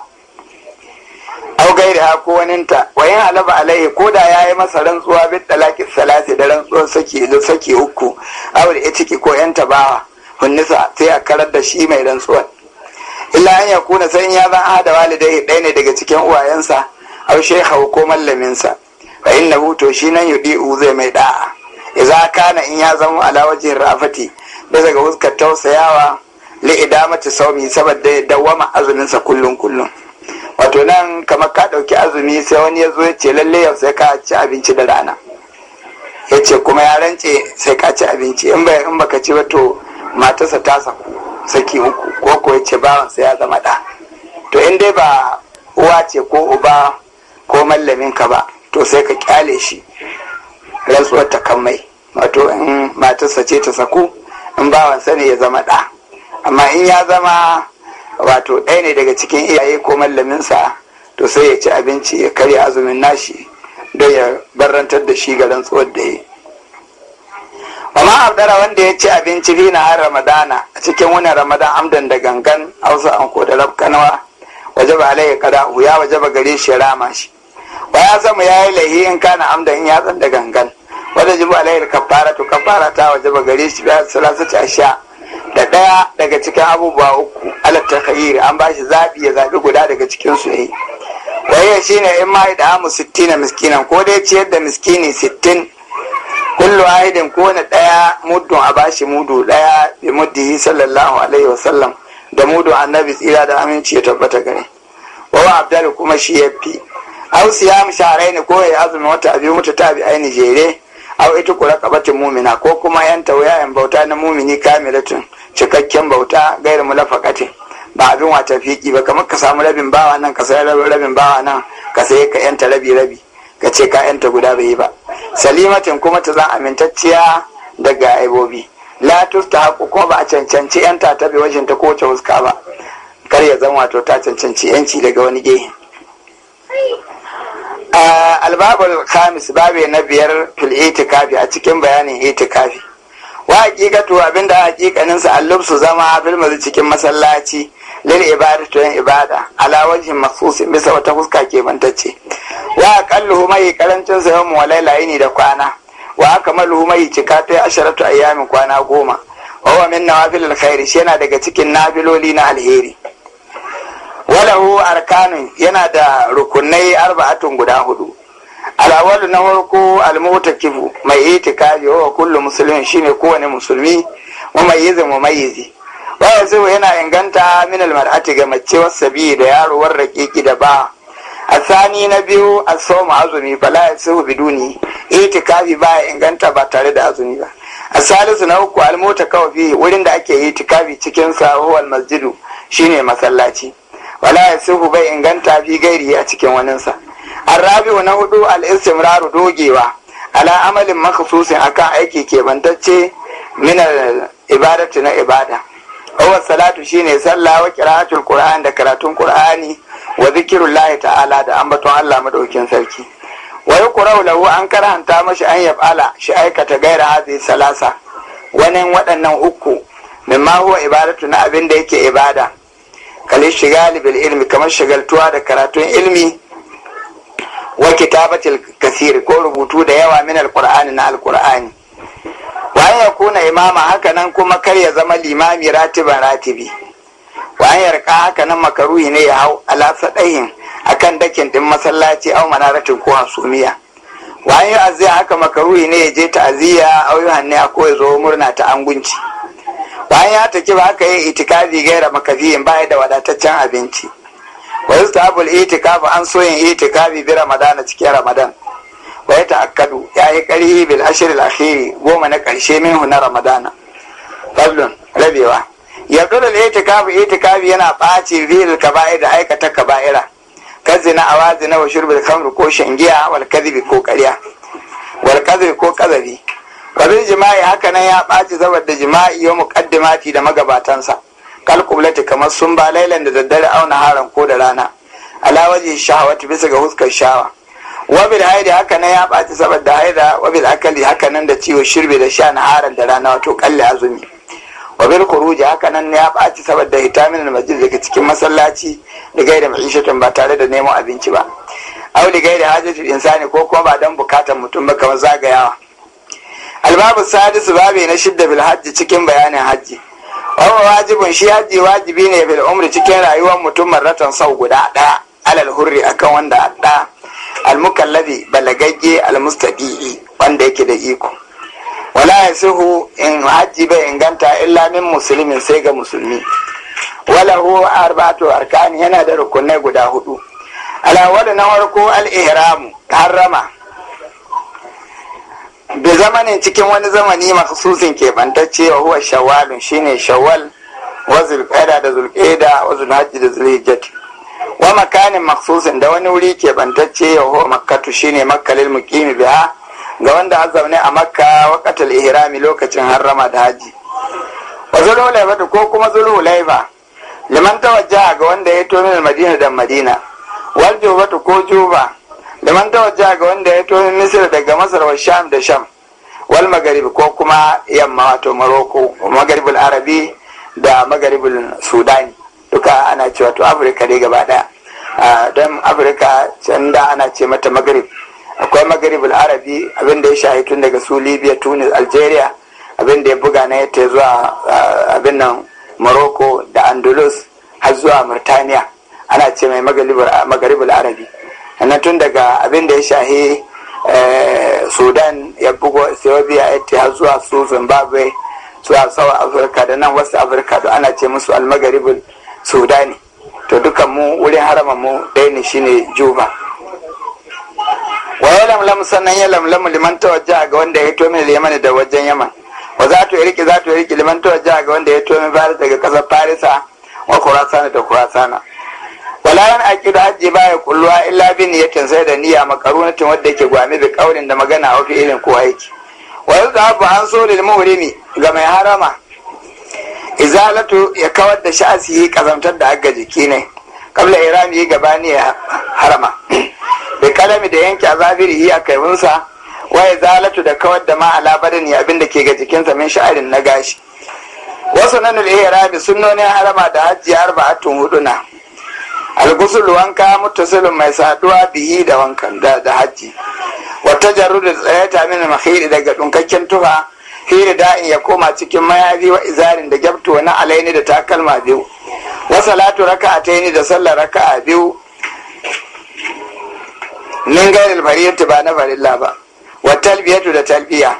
S1: au gairiha ko waninta wa in halaba alaihi ko da yayi masa rantsuwa bi talaqi salati da rantsuwar saki da saki uku aure da ciki ko yan tabawa hunnisa sai a karar da shi mai rantsuwar illa an yakuna sai ya zan da walidai ɗaya ne daga cikin uwayensa aw shaykhahu ko mallaminsa fa hu to shi nan yudi'u zai mai da'a idza kana in ya zama ala wajhin rafati bisa wuskar huskar tausayawa li idamati sawmi saboda ya dawwama azumin sa kullun kullun wato nan kamar ka ɗauki azumi sai wani ya zo ya ce lalle yau sai ka ci abinci da rana ya ce kuma ya rance sai ka ci abinci in bai in baka ci ba to matarsa ta saku saki uku ko ko ya ce bawan sai ya zama da to in dai ba uwa ce ko uba ko mallamin ka ba to sai ka kyale shi rantsuwar ta kan mai wato in matarsa ce ta saku in bawan ne ya zama ɗa amma in ya zama wato ɗaya ne daga cikin iyaye ko mallaminsa to sai ya ci abinci ya karya azumin nashi don ya barrantar da shi garin rantsuwar da ya Mama Abdara wanda ya ci abinci fi na Ramadana a cikin wani Ramadan amdan da gangan Hausa ko da Rabkanawa waje ba alayya kada ya waje ba gare shi rama shi. Wa ya zama ya yi lahi in kana amdan in yatsan da gangan. Wanda jibu alayyar kafara to kafara ta waje ba gare shi ba salasa ta sha da ɗaya daga cikin abubuwa uku halatta khayiri an ba shi zaɓi ya zaɓi guda daga cikin su eh. Waye shi shine in ma da amu 60 miskinan ko dai ciyar da miskini 60 kullu ahidin ko na daya muddun a bashi mudu ɗaya bi muddihi sallallahu alaihi wa sallam, da mudu annabi tsira da aminci ya tabbata gare wa abdal kuma shi ya fi aw siyam sha'rain ko ya azumi wata abi muta tabi aini jere aw ita kura mu'mina ko kuma yan tawaya yan bauta na mu'mini kamilatun cikakken bauta gairu mulafaqatin ba abin wata fiƙi ba kamar ka samu rabin bawa nan ka sai rabin bawa nan ka sai ka yanta rabi rabi ka ce ka yanta guda bai yi ba salimatin kuma ta za amintacciya daga aibobi la haƙu kuma ba a cancanci yanta ta bi wajen ta kowace wuska ba kar ya zama wato ta cancanci yanci daga wani gehe ah, albabul khamis babu na biyar fil itikafi a cikin bayanin itikafi wa haqiqatu abinda hakikanin sa su zama fil cikin masallaci lil ibadatu yan ibada ala wajhin makhsus bisa wata fuska ke bantacce wa aqalluhu mai karancin sa yawmu wa ne da kwana wa akmaluhu mai cika ta asharatu ayyamin kwana goma wa huwa min nawafil alkhairi shi yana daga cikin nafiloli na alheri walahu arkanin yana da rukunai arba'atun guda hudu al'awalu na farko kifu mai itikafi wa kullu Musulmi shine kowane musulmi wa mayyizin wa mayyizi wa yanzu yana inganta min almar'ati ga mace bi da yaro warraƙiƙi da ba asani na biyu a asawmu azumi fala yasihu biduni itikafi ba inganta ba tare da azumi ba A Salisu na uku almota kawafi wurin da ake itikafi cikin sa huwa masjidu shine masallaci wala yasihu bai inganta fi gairi a cikin waninsa na الرابع نهدو الاستمرار دوجيوا على aiki ke bantacce أيكي كيبانتاتشي من na ibada. عبادة salatu shine شيني wa وقراءة القرآن da karatun Qur'ani wa zikirullahi ta'ala da ambaton Allah madaukin sarki wa yuqra'u lahu an karanta mashi an yaf'ala shi aikata gaira hadhihi salasa wannan waɗannan uku mimma huwa ibadatu na abin da yake ibada kalin shigali bil ilmi kamar shagaltuwa da karatun ilmi wa kitabatil kasir ko rubutu da yawa min alqur'ani na alqur'ani wa an kuna imama hakanan kuma kar ya zama limami ratiban ratibi wa an yarka hakanan makaruhi ne ya hau ala sadahin akan dakin din masallaci au manaratin ko hasumiya wa an yu'azzi haka makaruhi ne ya je ta'aziyya au yuhanni ko ya zo murna ta angunci bayan ya taki ba aka yi itikadi gaira makafiyin baya da wadataccen abinci wa yustahabul itikafu an so yin itikafi bi ramadan cikin ramadan wa ta ta'akkadu ya yi ƙarhi bil ashr al akhiri goma na karshe minhu na ramadana fadlun rabewa yabdul da itikafu itikafi yana ɓaci bil kaba'ir da aikata kaba'ira kazina awazina wa shurbil khamr ko shangiya wal kadhibi ko ƙarya wal kadhibi ko kadhabi wa jima'i haka nan ya ɓaci zabar da jima'i ya muqaddimati da magabatansa kalkulati kamar sun ba lailan da daddare auna haran ko da rana alawaji shahawati bisa ga huskar shawa wabil haidi haka nan ya baci saboda haida wabil akali haka nan da ciwo shirbe da sha na haran da rana wato kalli azumi wabil kuruji haka nan ya baci saboda hitamin majin daga cikin masallaci da gaida ma'ishatun ba tare da neman abinci ba au da gaida hajatul insani ko kuma ba dan bukatar mutum ba kamar zagayawa albabu sadisu babu na shidda bil hajji cikin bayanin hajji wannan wajibin shi haji wajibi ne bil umri cikin rayuwar mutum marratan sau guda ɗaya alal hurri akan wanda ɗa almukallabi balagagge almustabi'i wanda yake da iko wala yasihu in haji bai inganta illa min musulmin sai ga musulmi wala hu arba'atu arkani yana da rukunai guda hudu ala wala na farko al ihramu harrama bi zamanin cikin wani zamani makasusin keɓantacce wa huwa shawalun shine shawal wa zulqaida da zulqaida wa zulhajji da zulhijjati wa makanin maksusin da wani wuri keɓantacce wa huwa makkatu shine makka lil muqimi biha ga wanda a zaune a makka waqatul ihrami lokacin harrama da haji wa zulhulaiba ko kuma zulhulaiba liman tawajjaha ga wanda ya to min madina da madina wal jubatu ko juba da man tawajja ga wanda ya tuni misir daga masar wa sham da sham wal magarib ko kuma yamma wato maroko magaribul arabi da magaribul Sudan. duka ana cewa to afirka dai gaba daya don afirka can da ana ce mata magarib akwai magaribul arabi abinda ya shahi tun daga su libya tunis algeria abinda ya buga na ya zuwa abin nan morocco da andalus har zuwa murtaniya ana ce mai magaribul arabi na tun daga abin da ya shahi eh, sudan ya bugo ethiopia ya zuwa su zimbabwe zuwa south africa da nan west africa da ana ce musu almagaribin sudani to dukan mu wurin harama mu ɗaya ne shine juba wa lamlam sannan ya lamlamu liman tawajja ga wanda ya tomi liman da wajen yaman wa za tu riki za ta riki liman tawajja ga wanda ya tomi faris daga kasar farisa wa kurasana da kurasana wala yan aqidu hajji baya kulluwa illa bi niyatin sai da niyya makarunatin wanda yake gwami bi kaurin da magana a wata ilin ko aiki wa abu an so da muhrimi ga mai harama izalatu ya kawar da sha'asi kazamtar da aga jiki ne kabla irami gaba ne harama bi kalami da yanke azabiri a kaiwunsa wa Zalatu da kawar da ma alabarin ya abin ke ga jikinsa min sha'arin na gashi wasu nanul ihrami sunnonin harama da hajji arba'atun huduna alghusl wanka muttasilun mai saduwa bihi da wanka da da haji wa tajarrud tsayata min mahiri daga dunkakken tufa hira da'in ya koma cikin mayafi wa izarin da gyabto na alaini da takalma biyu wa salatu raka'ataini da sallar raka'a biyu min gairil fariyati ba na farilla ba wa talbiyatu da talbiya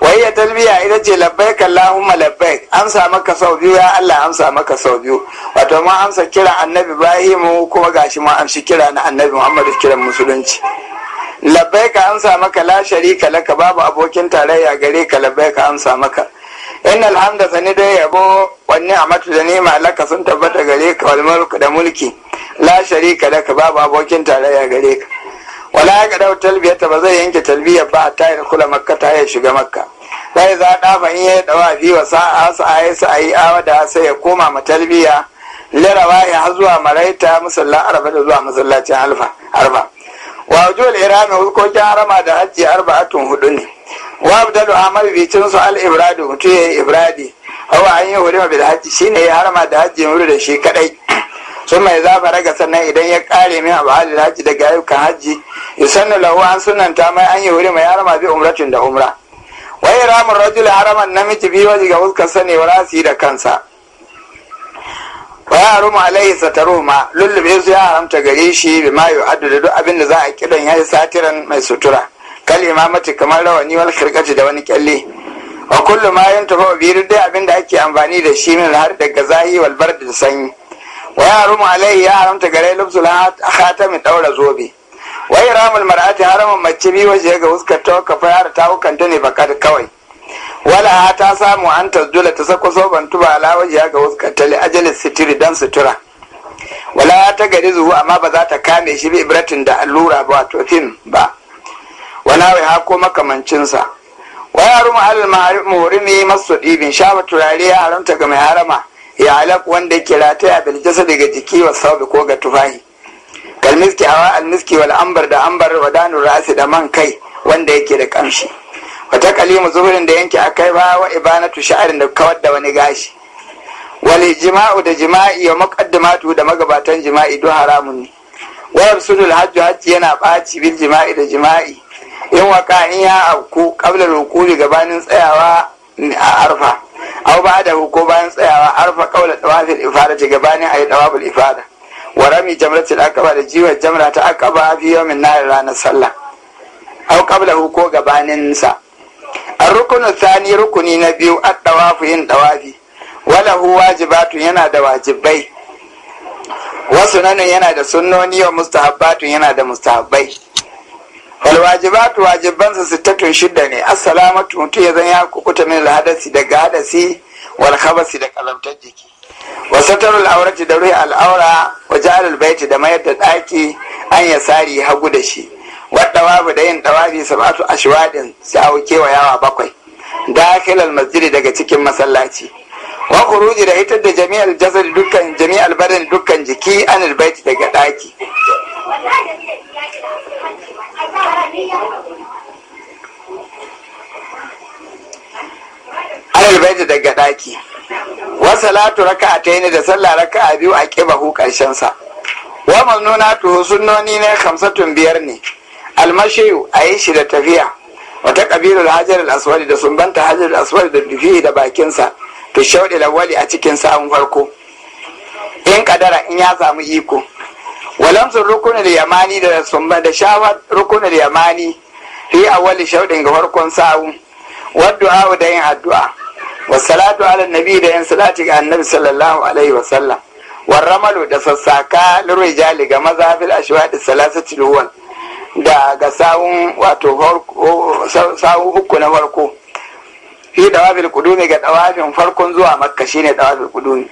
S1: wayya talbiya ita ce labbai Allahumma labbai, amsa maka sau biyu ya Allah amsa maka sau biyu wato ma amsa kira annabi Ibrahim kuma gashi ma amshi kira na annabi Muhammadu kiran musulunci Labbai ka amsa maka la sharika laka babu abokin tarayya gare ka Labbai ka amsa maka innal hamda sani dai yabo wa ni'matu da ni'ma laka sun tabbata gare ka wal da mulki la sharika laka babu abokin tarayya gare ka wala ya kadau talbiyata ba zai yanke talbiya ba ta yi kula makka ta ya shiga makka sai za dafa in ya dawa bi wa sa'a sa'a sa'a awa da sai ya koma ma talbiya lirawa ya har zuwa maraita musallan arba da zuwa masallacin alfa arba wa wajul irami hukokin harama da hajji arba'atun hudu ne wa abdalu amal cin su al ibradu mutu ya ibradi hawa an yi hurima bil hajji shine ya harama da hajji wuri da shi kadai sun mai zaba raga sannan idan ya kare min abu halin haji daga ayyukan haji yusannu lahu an ta mai an yi wuri mai harama bi umratin da umra wa ihramur rajul haraman namiji biyu wajen ga fuskar sani wa rasi da kansa Wai wa yarumu alaihi sataruhuma lullube su ya haramta gare shi bi ma yu'addu da duk abin da za a kidan yi satiran mai sutura kal imamati kamar rawani wal kirkaci da wani kyalle wa kullum ma tafawa biyu duk abin da ake amfani da shi min har daga zahi wal bar da sanyi wa yarumu alaihi ya haramta gare lubsul khatamin ɗaura zobe wa iramul mar'ati haramun mace biyu waje ga huskar ta ka fara ta hukanta ne baka kawai wala ta samu an tasdula ta sako soban tuba ala waje ga huskar ta li sitiri dan sutura wala ta gari zuhu amma ba za ta kame shi bi ibratin da allura ba wato ba wala wai hako makamancinsa wa yarumu alal muhrimi masu dibin shafa turare ya haramta ga mai harama ya alaq wanda yake rataya bil jasad ga jiki wa sabi ko ga tufahi kal miski hawa al miski wal ambar da ambar wa danu ra'si da man kai wanda yake da kamshi wata kalimu zuhurin da yanke akai ba wa ibanatu sha'arin da kawar da wani gashi wal jima'u da jima'i wa muqaddimatu da magabatan jima'i duk haramun ne wa yabsudul hajju hajji yana baci bil jima'i da jima'i in waka in ya auku qabla rukuli gabanin tsayawa a arfa aw da ko bayan tsayawa arfa kaula tawafil ifada ta gabanin ayi tawafil ifada wa rami jamratil aqaba da jiwa jamra ta aqaba fi yawmin nahar ranar sallah aw qablahu ko gabanin sa ar-rukunu thani rukuni na biyu at-tawafu yin tawafi wala hu wajibatun yana da wajibai wasu nanin yana da sunnoni wa mustahabbatun yana da mustahabbai wajiban wajibansa sittatun shidda ne assalamatu mutum ya zan ya kukuta min alhadasi daga hadasi wal khabasi da kalamtar jiki wa satarul aurati da ruhi al'aura wa ja'alul baiti da mayar da daki an ya sari hagu da shi wa dawabu da yin dawabi sabatu ashwadin sai kewa yawa bakwai dakhilal masjidi daga cikin masallaci wa khuruji da ita da jami'al jazal dukkan jami'al badan dukkan jiki anil baiti daga daki da gadaki daga Salatu wasalatu a ta da sallah a biyu a ƙibahu ƙarshen sa wa mamnunatu sunnoni ne kamsatun biyar ne almashiyu a yi shi da tafiya wata ƙabilar hajar al'aswari da sumbanta hajar al-aswadi da dufi da bakinsa to shauɗi lawali a cikin sa'an farko in ƙadara in ya samu iko walamsun rukunin yamani da sumba da shawar rukunin yamani fi awwali shaudin ga farkon sawu wadda da yin addu'a wasalatu ala nabi da yin salati ga annabi sallallahu alaihi sallam, warramalu da sassaka Jali ga maza fil ashwadi salasati luwan da ga sawun wato sawun uku na farko fi dawafil kudumi ga dawafin farkon zuwa makka shine dawafil kudumi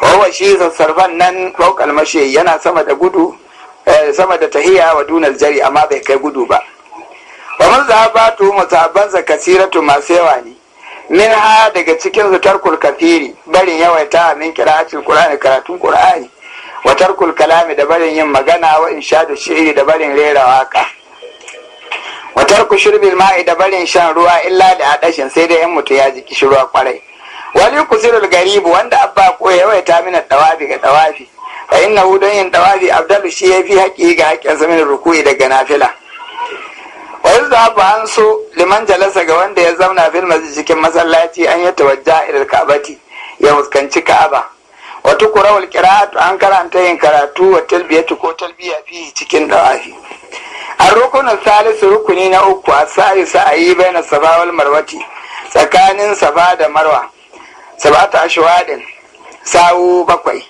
S1: wawa shi nan ɗaukar mashe yana sama da gudu eh, sama da tahiya wa dunar jari amma bai kai gudu ba za kamar zahabatu musabansa kasiratu masu yawa ne min ha daga cikin su tarkul kafiri barin yawaita min cikin qur'ani karatun qur'ani wa tarkul kalami da barin yin magana wa da shi'ri da barin rera waka wa tarku shurbil ma'i da barin shan ruwa illa da adashin sai dai 'yan mutu ya ji kishirwa kwarai wani kusirul garibu wanda abba ko yawaita mina tawafi ga tawafi fa hu dan yin tawafi abdalu shi ya fi haƙi ga haƙƙin sa min ruku'i daga nafila wa abba an so liman jalasa ga wanda ya zauna fil masjid cikin masallaci an ya tawajja ila ka'bati ya fuskanci ka'aba wa tuqra'u kira qiraatu an karanta yin karatu wa talbiyatu ko talbiya fi cikin tawafi الركن الثالث ركن a yi bai بين sabawar والمروة سكان صفا da marwa. sab'ata ashwadin sawu bakwai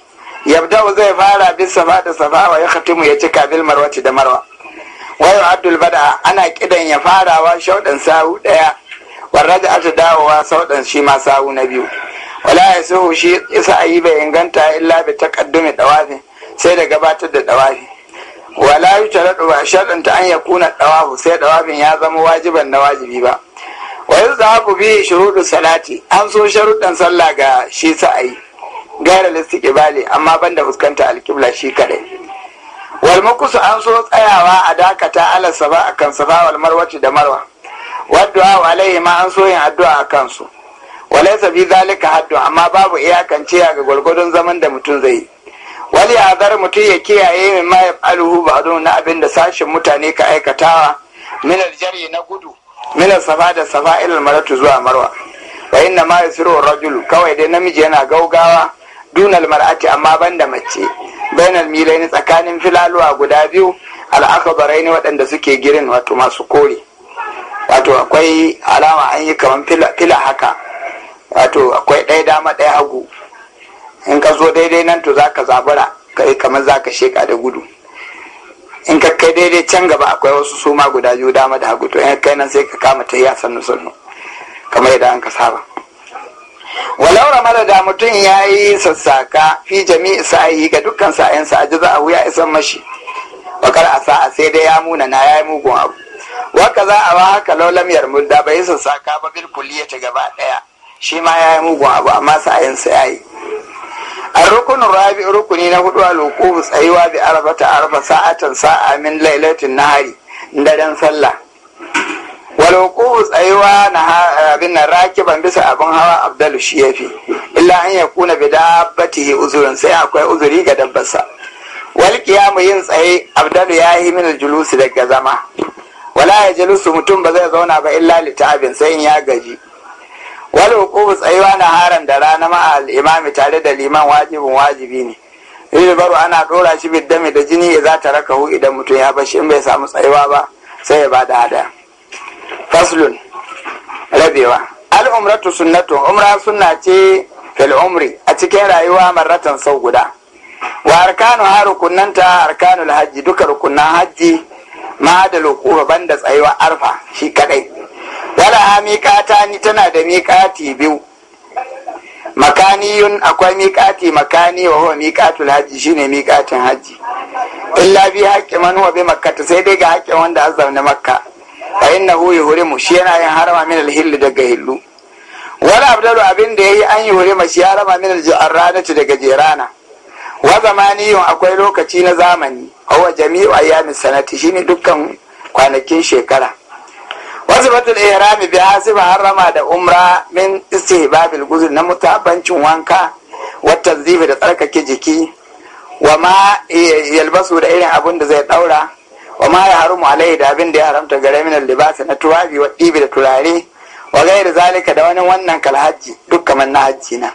S1: yabda'u zai fara bis safa da safa wa ya khatimu ya cika bil marwati da marwa wayo abdul bada ana kidan ya farawa shaudan sawu daya warraja ata dawowa saudan shi ma sawu na biyu wala ya so shi isa ayi bai inganta illa bi taqaddumi dawafi sai da gabatar da dawafi wala yutaradu ba ta an yakuna dawafu sai dawafin ya zama wajiban na wajibi ba wa ku bi shuruɗin salati an so sharuɗan sallah ga shi gaira gairar ƙibali, amma ban da fuskanta alƙibla shi kadai wal makusu an so tsayawa a dakata ala saba kan safa wal marwati da marwa wadda alaihi ma an so yin addu'a a kansu walai sabi zalika haddu amma babu iyakanciya ga gwargwadon zaman da mutum zai yi wali azar mutum ya kiyaye min ma a ba'dun na abin da sashin mutane ka aikatawa min aljari na gudu mina safa da safa ilal maratu zuwa marwa wa inna ma yasiru rajul kawai dai namiji yana gaugawa dunal mar'ati amma banda mace bainal milaini tsakanin filaluwa guda biyu al'akabaraini waɗanda suke girin wato masu kore wato akwai alama an yi kaman fila haka wato akwai ɗaya dama ɗaya hagu in ka zo daidai nan to zaka ka zabura kamar za ka sheka da gudu in ka kai daidai can gaba akwai wasu suma guda biyu dama da hagu to in kai nan sai ka kama ta ya sannu sannu kamar yadda an ka saba walau ramada da mutum ya yi sassaka fi jami sa'ayi ga dukkan sa'ayin a jiza a wuya isan mashi bakar a sa'a sai dai ya muna na ya yi mugun abu waka za a ba haka laulam yarmul da bai yi sassaka ba bil kulliya ta gaba ɗaya. shi ma ya yi mugun abu amma sa'ayensa ya yi A rukunin rukuni na huɗu, al'ukur Tsayu ba biya bata arba sa'atan sa'a min lailatin Naira na daren Sallah. A al'ukur Tsayu na rakiban bisa abin hawa na Abdullahi shi ya Illa an yakuna ƙuna bi daɗi uzurin, sai akwai uzuri ga dabbar sa. Walƙiya mu yin tsaye Abdullahi ya yi min julusu daga zama. Wala yaje Lissu mutum ba zai zauna ba illa littafin, sai in ya gaji. Wani hukumu tsayuwa na haran da rana ma al'imami alimami tare da liman wajibin wajibi ne baro ana dora shi biddami da jini ya za ta rakahu idan mutum ya bashi in bai samu tsayuwa ba sai ya ba da hada faslun rabewa al'umratu sunnatu umra sunna ce fil umri a cikin rayuwa marratan sau guda wa arkanu ha rukunnanta arkanul hajji duka rukunan hajji ma da ban banda tsayuwa arfa shi kadai wala ha miƙata ni tana da miƙati biyu makaniyun akwai miƙati makani wa huwa miƙatul hajji shine miƙatin hajji illa bi haƙƙi man huwa bi makka sai dai ga haƙƙi wanda an zaune makka fa innahu yuhrimu shi yana yin harama min alhilli daga hillu wala abdalu abin da yayi an yuhrima shi harama min aljarranati daga jerana wa zamaniyun akwai lokaci na zamani huwa jami'u ayyamis sanati shine dukkan kwanakin shekara takbiratul ihrami bi hasiba harrama da umra min istihbabil guzul na mutabancin wanka wata zibi da tsarkake jiki wa ma yalbasu da irin abin da zai daura wa ma ya harumu alaihi da abin da ya haramta gare min libasa na tuwabi wa ɗibi da turare wa gairi zalika da wani wannan kalhaji duk kamar na hajji na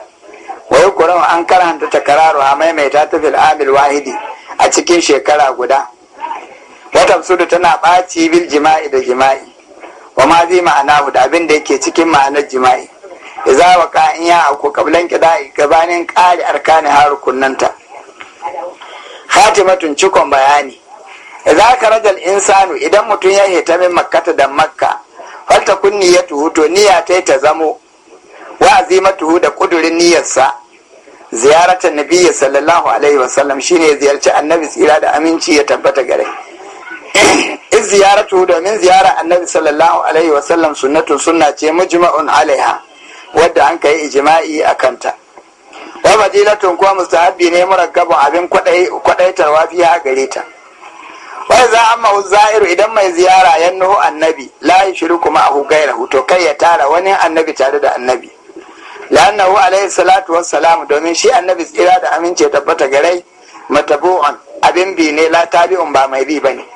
S1: wa yi an karanta takararu a maimaita ta fil amil wahidi a cikin shekara guda wata tana ɓaci bil jima'i da jima'i wa ma zai ma'ana da abin da yake cikin ma'anar jima'i idza waqa in ya aku qablan qida'i gabanin qari arkani ta khatimatun cikon bayani iza ka rajal insanu idan mutum ya hita min makkata da makka falta kunni ya tuhu to niyya ta ta zamo wa azimatu da kudurin niyyarsa ziyaratan nabiyyi sallallahu alaihi wasallam shine ziyarci annabi tsira da aminci ya tabbata gare iz ziyaratu domin ziyara annabi sallallahu alaihi wasallam sunnatun sunna ce mujma'un alaiha wadda an kai ijma'i a kanta wa fadilatun kuwa mustahabbi ne murakkabun abin kwadai fi ha gare ta wai za amma zairu idan mai ziyara yannu annabi la kuma ma'ahu ghayrahu to kai ya tara wani annabi tare da annabi lannahu alaihi salatu wassalam domin shi annabi tsira da amince tabbata garai matabu'an abin bi ne la tabi'un ba mai bi bane